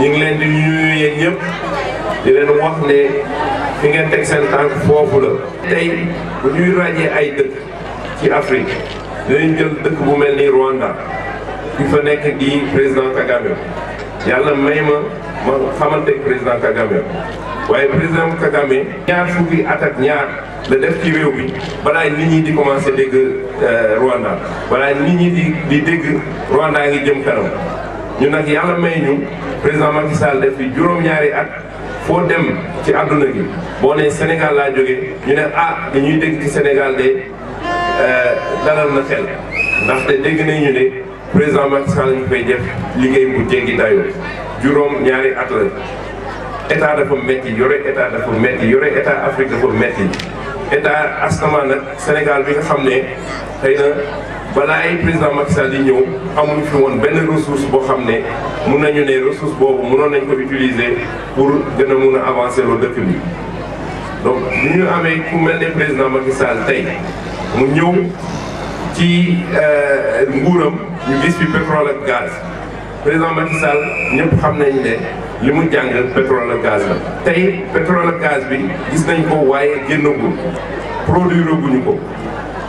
ñu ngi leen di nuyu di leen wax ne fi ngeen teg seen tànk foofu la. tey bu ñuy ràññee ay dëkk ci Afrique dinañ jël dëkk bu mel ni Rwanda ki fa nekk di président Kagame yàlla may ma ma xamante président Kagame waaye président Kagame ñaar fukki at ñaar la def ci réew mi balaa nit ñi di commencé dégg euh, Rwanda balaa nit ñi di di dégg Rwanda ngi jëm kanam ñu nag yàlla may ñu. président Macky Sall def fi juróom-ñaari at foo dem ci àdduna gi boo ne Sénégal laa jógee ñu ne ah li ñuy dégg ci Sénégal de euh, dalal na xel ndaxte dégg nañu ne président Macky Sall ñu koy def liggéey bu jéggi dayoo juróom-ñaari at la état dafa metti yore état dafa metti yore état Afrique dafa metti état astamaan nag Sénégal bi nga xam ne xëy na. balaa ay président Macky Sall di ñëw amuñu fi woon benn ressource boo xam ne mun nañu ne ressource boobu mënoon nañ ko utiliser pour gën a mun a avancer loo dëkk bi. donc li ñu amee ku mel ne président Macky Sall tey mu ñëw ci euh, nguuram ñu gis fi pétrole ak gaz président Macky Sall ñëpp xam nañ ne li mu jàngal pétrole ak gaz la. tey pétrole ak gaz bi gis nañ ko waaye génnagul produire guñu ko.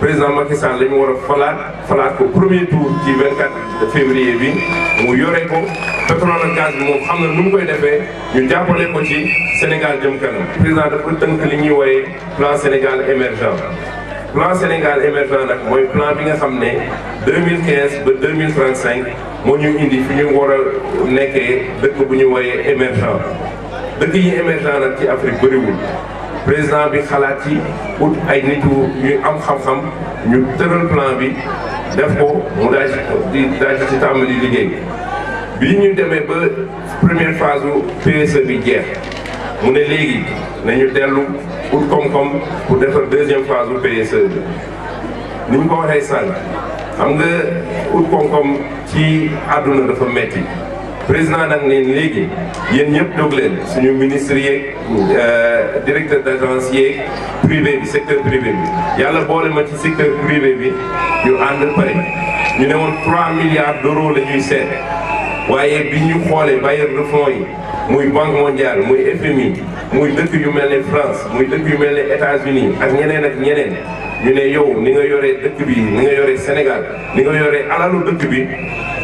président Macky Sall la ñu war a falaat falaat ko premier tour ci 24 février bi mu yore ko pétrole ak bi moom xam na nu mu koy defee ñu jàppale ko ci Sénégal jëm kanam président dafa tënk li ñuy wooyee plan Sénégal émergent plan Sénégal émergent nag mooy plan bi nga xam ne 2015 ba 2035 moo ñu indi fi ñu war a nekkee dëkk bu ñuy wooyee émergent dëkk yi émergent nag ci Afrique bëriwul président bi xalaat ci ut ay nit nitu ñu am xam-xam ñu tëral plan bi def ko mu daal di daal ci tàmbali liggéey bi ñu demee ba première phase bu bi jeex mu ne léegi nañu dellu ut koom-koom pour defar deuxième phase bu PSE bi ni ñu ko xam nga ut koom-koom ci àdduna dafa metti président nag neen léegi yéen ñëpp jóg leen suñu ministre yeeg euh, directeur d' agence yeeg privé bi secteur privé bi yàlla boole ma ci secteur privé bi ñu ànd pare ñu ne woon 3 milliards d' euros la ñuy seet waaye bi ñu xoolee bailleur de fonds yi muy banque mondiale muy FMI muy dëkk yu mel ne France muy dëkk yu mel ne États-Unis ak ñeneen ak ñeneen ñu ne yow ni nga yore dëkk bi ni nga yoree Sénégal ni nga yoree alalu dëkk bi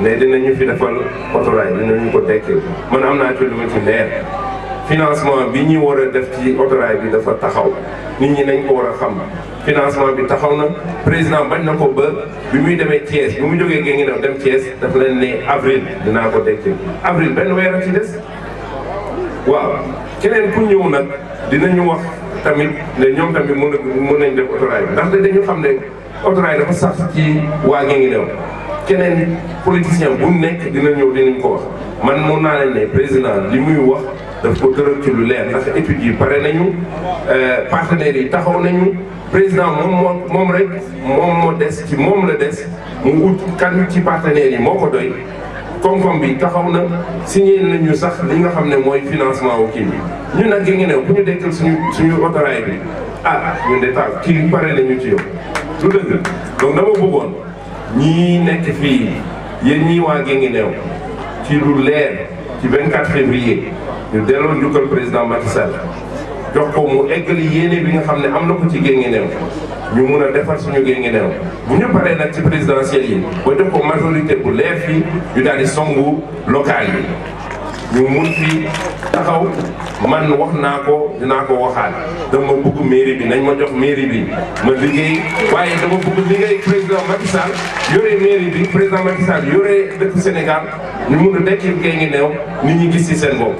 ne dinañu fi defal autorail dinañu ko dekkee man am naa ci lu ma ci leer financement bi ñuy war a def ci autorail bi dafa taxaw nit ñi nañ ko war a xam financement bi taxaw na président bañ na ko ba bi muy demee Thiès bi mu jógee gée ngi dem dem Thiès daf leen ne avril dinaa ko dekkee avril benn weer a ci des waaw keneen ku ñëw nag dinañu wax tamit ne ñoom tamit mën nañ mën nañ def autorail bi ndax dañu xam ne autorail dafa sax ci waa gée ngi keneen politicien bu nekk dina ñëw dinañ ko wax man mun naa leen ne président li muy wax daf ko tëral ci lu leer ndax études yi pare nañu euh, partenaires yi taxaw nañu président moom moo moom rek moom moo des ci moom la des mu ut kan ci partenaire yi moo ko doy koom-koom bi taxaw na signé nañu sax li nga xam ne mooy financement wu kii bi ñun nag gi ngi ne bu ñu dekkal suñu suñu autorail bi ah ñun de taal kii pare nañu ci yow du dëgg donc dama bëggoon ñii nekk fii yéen ñii waa Guinguinéo ci lu leer ci 24 février ñu delloo njukkal président Macky Sall jox ko mu eggali yéene bi nga xam ne am na ko ci Guinguinéo ñu mun a defar suñu Guinguinéo bu ñu paree nag ci présidentielle yi ba jox ko majorité bu leer fii ñu daal di songu local yi. ñu mun fi taxaw man wax naa ko dinaa ko waxaat dama bëgg mairie bi nañ ma jox mairie bi ma liggéey waaye dama bëgg liggéey président Macky Sall yore mairie bi président Macky Sall yore dëkk Sénégal ñu mun a dekkil kay ngi neew nit ñi gis ci seen bopp.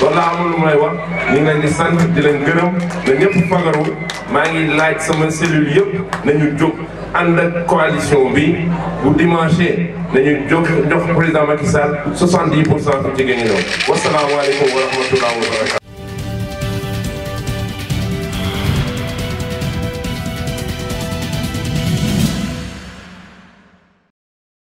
loolu laa amul lu may wax ñu ngi leen di sant di leen gërëm na ñëpp fagaru maa ngi laaj sama cellule yëpp nañu jóg. ànd ak coalition bi bu dimanche nañu jox jox président Macky Sall 70 pour cent fi jigéen ñi ñëw wasalaamaaleykum wa rahmatullahi wa barakatuh.